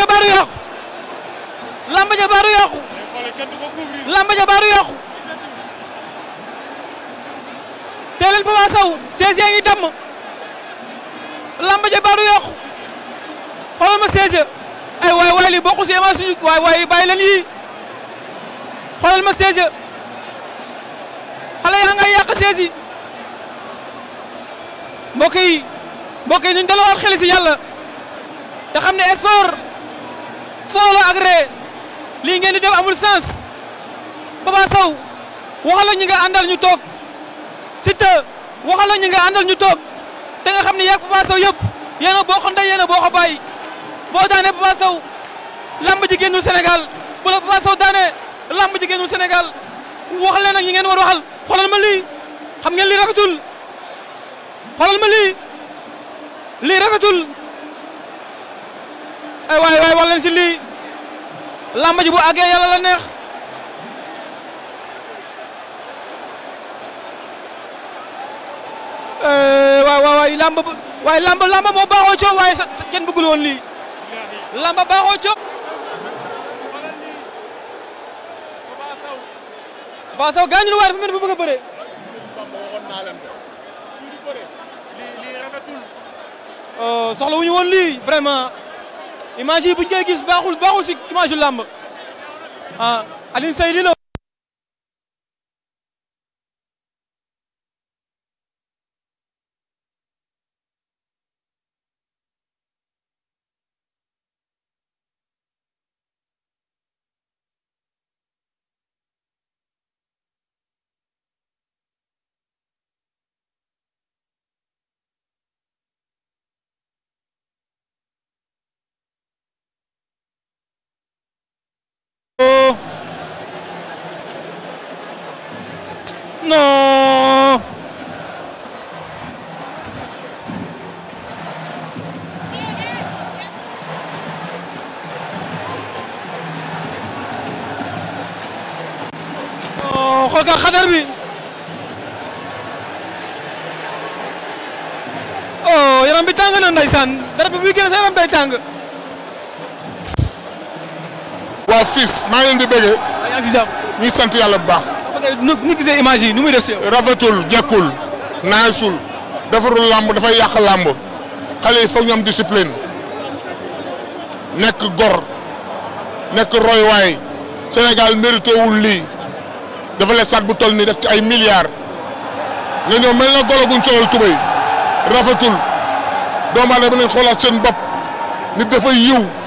ja baaru yàqu ja baaru yàqu lamba ja baaru yàqu teeleel Papa Sow seize ja baaru yàqu xoolal ma seize ay waay waay li bokku si ama suñu waay waay bàyyi leen yii xoolal ma seize xale yaa ngay yàq seize yi mbokk yi mbokk xel si yàlla te xam ne sport foo la lii ngeen di amul sens Papa waxal la ñi nga àndal ñu toog Siteu waxal la ñi nga àndal ñu toog te nga xam ne yàgg Papa Sow yëpp a boo xam ne yéen a boo ko bàyyi boo daane Papa Sow lamb ji génnul Sénégal daane lamb ji génnul Sénégal wax leen ak war waxal xoolal ma xam ngeen lii rafetul xoolal ma lii lii ay waay waay wax si lii làmb ji bu àggee neex eh, waay waay waay làmb waay làmb làmb moo baaxoo coow waaye kenn bëggul woon lii làmb baaxoo coow Papa Sow gaañu na waaye dafa mel ni dafa bëgg a oh, soxla wu ñu woon lii vraiment image yi bu ñu gis baaxul baaxul si image yu làmb ah Alioune la No! Oh, xool nga xadar bi. Oh, yaram bi tàng na ndeysaan dara bi muy génn sa yaram day tàng. waa fils maa ngi leen di bëggee. ñu sant yàlla bu baax. nu ñu gisee yi nu muy def si rafetul jekkul naasul defarul làmb dafa yàq làmb xale yi foog ñu am discipline nekk gor nekk roywaay Sénégal mérité lii dafa la sat bu toll nii def ci ay milliards nga ñëw mel na golo guñ solal tubéy rafetul doomu aadama nañ xoolaat seen bopp nit dafa yiw.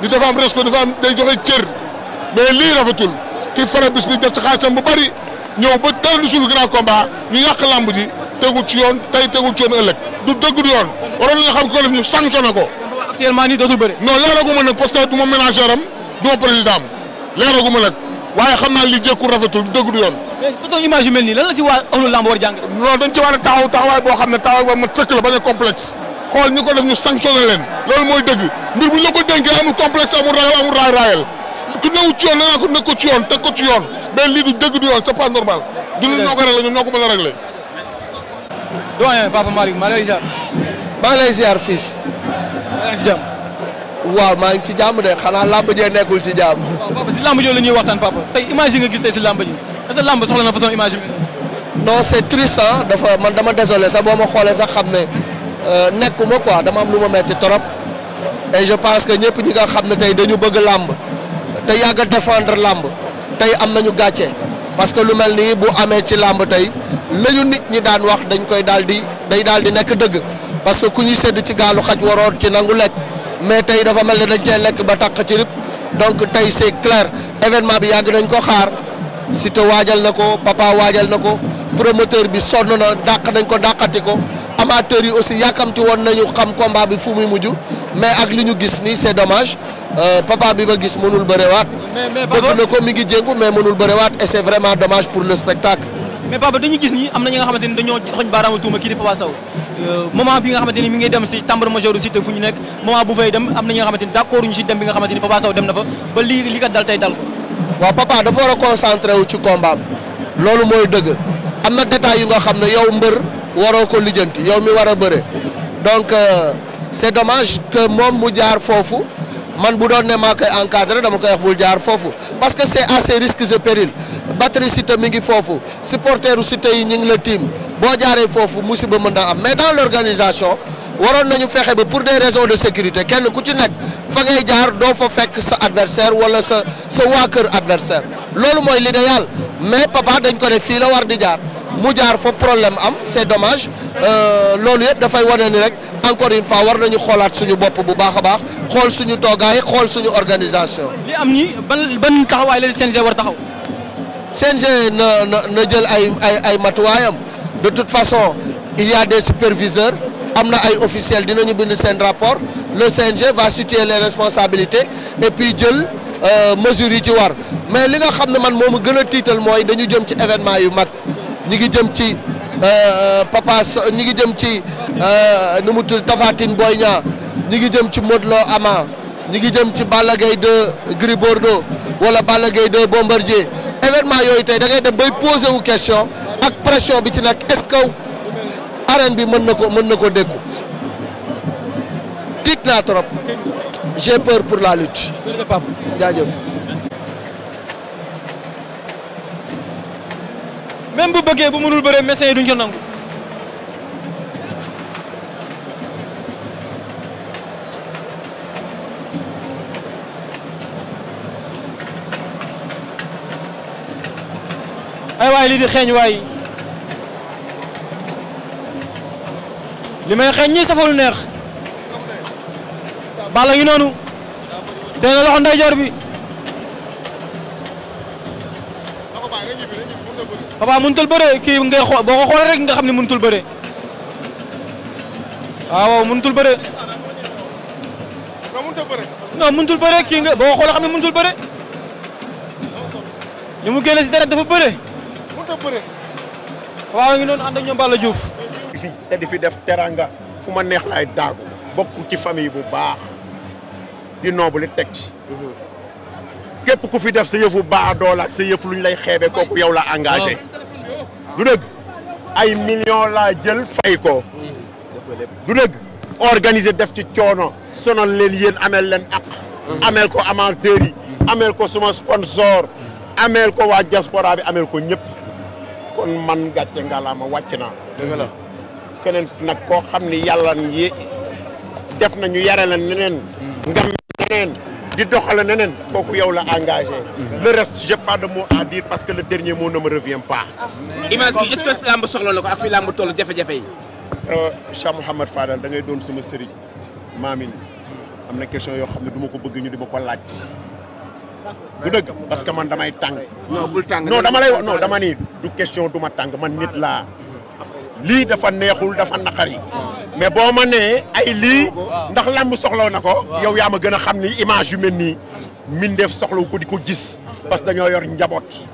di dafa am respect dafa am day joxe cër mais lii rafetul ki faral bis bi def ci xaalisam bu bari ñëw ba tëral suñu grand combat ñu yàq làmb ji tegul ci yoon tey tegul ci yoon ëllëg du dëgg du yoon waroon nañu xam ko def ñu sanctionné ko. actuellement nii dootul bëri. non leeragu ma nag parce que du ma o am du ma président am leeragu ma nag waaye xam naa li jékku rafetul du dëgg du yoon. mais façon mel nii lan la si waa amul làmb war jàng. non a taxaw xam ne taxawaay boo ma sëkk xool ñu ko def ñu sanctionné loolu mooy dégg mbir bu ñu la ko dénkee amul complexe amul raayal amul raay raayal ku newu ci yoon nee naa ko nekk ko ci yoon teg ko ci lii du dëgg du yoon c'est pas normal. du ñu noo ko ko mën a réglé. doyen Papa Malick maa ngi lay ziar. maa ngi lay ziar fils. maa ngi jàmm. waaw maa ngi ci de xanaa làmb nekkul ci jaam waaw papa si làmb jooju la waxtaan papa tey image yi nga gis tey si làmb ji est-ce que làmb soxla na façon image bi. non c'est triste dafa man dama désolé sa boo ma xoolee sax xam ne Euh, nekkuma quoi dama am lu ma metti trop et je pense que ñëpp ñi nga xam ne tey dañu bëgg làmb te yàgg a défendre làmb tey am nañu gàcce parce que lu mel nii bu amee ci làmb tey la ñu nit ñi daan wax dañ koy daal di day daal di nekk dëgg parce que ku ñuy sedd ci gaalu xaj waroon ci nangu lekk mais tey dafa mel ne dañ cee lekk ba tàq ci rip donc tey c'est clair événement bi yàgg nañ ko xaar si te waajal na ko papa waajal na ko promoteur bi sonn na dàq nañ ko dàqati ko. amateurs yi aussi yàkkamti woon nañu xam combat bi fu muy mujj mais ak gis nii c'est dommage euh, papa bi ma gis mënul bërewaat. mais bëgg na ngi jéngu mais mënul bërewaat et c'est vraiment dommage pour le spectacle. mais papa dañu gis ni am na euh, bi nga xamante ni ngi dem si tambour major si te fu ñu nekk moment bu fay dem am na ñi nga xamante ni si dem bi nga xamante ni Papa Sow dem na fa ba lii li kat dal tey dal ko. waaw papa dafa war a concentré ci combat loolu mooy dëgg am na détails yu nga xam ne yow mbër waroo ko lijjanti yow mi war a bëre donc euh, c'est domage que moom mu jaar foofu man bu doon ne maa koy dama koy wax bul jaar foofu parce que c'est assez risques et périls batterie Siteu mi ngi foofu supporteru Siteu yi ñu ngi la tiim boo jaaree foofu musiba mën na am mais dans l'organisation waroon nañu fexe ba pour des raisons de sécurité kenn ku ci nekk fa ngay jaar doo fa fekk sa adversaire wala sa sa waa kër adversaire loolu mooy l'idéal mais papa dañ ko ne fii la war di jaar mu jaar fa problème am c'est dommage euh, loolu yëpp dafay wane ni rek encore une war nañu xoolaat suñu bopp bu baax a baax xool suñu toogaay xool suñu organisation. am nii ban ban taxawaay la war taxaw. CNG na na jël ay ay ay matuwaayam de façon il y a superviseurs am na ay officiels dinañu bind seen rapport le CNG va situer les responsabilités et puis jël. Euh, mesures yi ci war mais li nga xam ne man moom a gën a tiital mooy dañu jëm ci événement yu mag ñi ngi jëm ci euh, Papa So ñi ngi jëm ci euh, nu mu tudd Tapha Tine Boy Niang ñi ngi jëm ci Modou Lo Ama ñi ngi jëm ci Balla Gaye 2 Gris Bordeaux wala Balla Gaye 2 Bombardier événement yooyu tey dangay dem bay posé question ak pression bi ci nag est-ce que arène bi mën na ko mën na ko dékku tiit naa trop je peur pour la lutte jaajëf même bu bëggee bu mënul bëree médecins yi duñ ko nangu. ay waay lii di xeeñ waay li may xeeñ ñi safalu neex. Balla ngi noonu. tey na loxo ndeyjoor bi. Papa mënutul bëre kii ngay xool boo ko xoolee rek nga xam ne mënutul bëre ah, waaw mënutul bëre. non mënutul bëre. non bëre kii nga boo ko xoolee xam ne mënutul bëre. li mu génne si dara dafa bëre. mënutul bëre. ngi noonu ànd ak ñoom Balla Diouf. fi te di def teraanga fu ma neex laay daagu ci famille bu baax di noobu li teg képp ku fi def sa yëfu baa dool ak sa yëf luñ lay xeebe kooku yow la engagé du dëgg ay million laa jël fay ko du dëgg organiser def ci coono sonal leen yéen ameel leen ak ameel ko amateurs yi ameel ko suma sponsor ameel ko waa diaspora bi ameel ko ñëpp kon man gàcce ngalaama wàcc naa dëgg la keneen nag koo xam ni yàlla yi def nañu yare leen neneen ngam neneen di doxala neneen kooku yow la engagé le reste j'ai pas de mot à parce que le dernier moo ne me revient pas ah. image bi làmb soxla na ko ak fi làmb toll jafe-jafe yi euh, Cheikh Mouhamed Fadal da doon sama sëriñ maamin am na question yoo xam ne duma ko bëgg ñu di ma ko laaj du dëgg parce que man damay tàng non tàng non dama lay wax non dama ni du question du ma tàng man nit laa lii dafa neexul dafa naqari mais boo ma nee ay lii ndax lamb soxlaw na ko yow yaa a gën a xam ni image yu mel nii min def soxlaw ko di ko gis parce que dañoo yor njaboot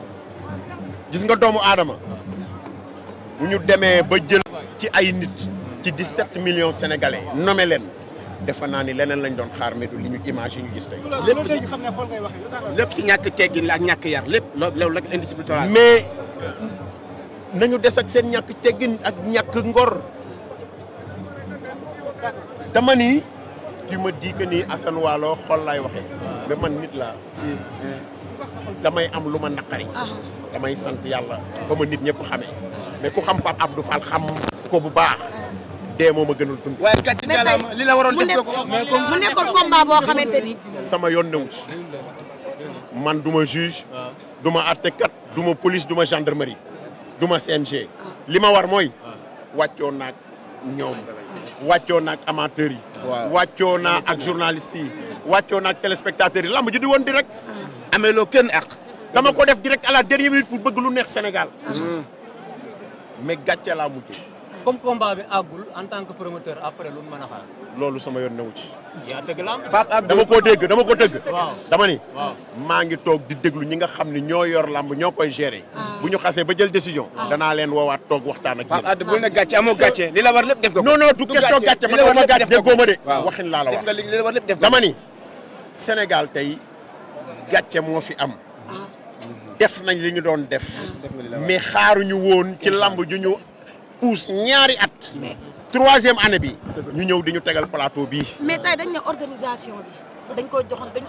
gis nga doomu aadama bu ñu demee ba jël ci ay nit ci 17 million sénégalais nommé leen defe naa ni leneen lañ doon xaar mais li ñu image yi ñu gis tey. lépp ci ñàkk teggin la ak ñàkk yar lépp loolu la indiscipline mais. nañu des ak seen ñàkk teggin ak ñàkk ngor dama ni tu me dis que nii Assane Waalo xol laay waxee man nit laa si eh. damay am lu ma naqari ah. damay sant yàlla ba ma nit ñëpp xamee mais ku xam Pape Abdou Fall xam ko bu baax dee moo ma gënal dund waaye gàcc gàllaama li la waroon def ko mu sama yoon newu man du ma juge du ma àttekat du ma police du ma gendarmerie du ma CNG li ma war mooy wàccoo naag ñoom wàccoo naag amateurs yi wàccoo naa ak journalistes yi wàccoo naag téléspectateurs yi lamb ji di woon direct amee loo kenn ak dama ko def direct à la dernière minute bëgg lu neex Sénégal hmm. mais gàcce laa mujjee comme combat bi en tant que promoteur après a xaar. loolu sama yoon newu ci. yaa la Pape dama ko dégg dama ko dégg. waaw dama ni. maa ngi toog di déglu ñi nga xam ne ñoo yor làmb ñoo koy gérer. Ah. bu ñu xasee ba jël décision. Ah. danaa leen woowaat toog waxtaan ak yéen. Pape Abdou bul ne gàcce amoo ah. gàcce la war lépp def ko. non non du question gàcce man amoo gàcce déggoo ma de. waxin laa la wax def dama ni Sénégal tey gàcce moo fi am. def nañ li ñu doon def. mais xaaruñu woon ci làmb ju ñu pousse ñaari at. troisième année bi. ñu ñëw di ñu tegal plateau bii. mais tey dañ ne organisation bi dañ koo joxoon dañ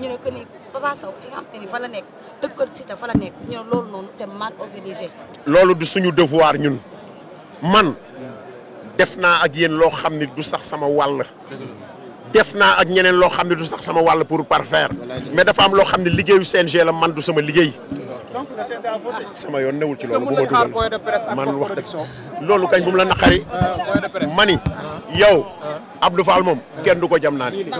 ñu ne que ni Papa Sow te ni fa la nekk dëkkal Siteu fa la nekk ñu ne loolu noonu c'est mal organisé. loolu suñu devoir ñun man def naa ak yéen loo xam ni du sax sama wall def naa ak ñeneen loo xam ne du sax sama wàll pour parfaire mais dafa loo xam ne liggéeyu CNG la man du sama liggéey. Ah, sama yoon newul ci loolu bu ma dugal man wax dëgg loolu kañ bu mu la naqari euh, mani yow Abdou Fall moom kenn du ko jam naa ni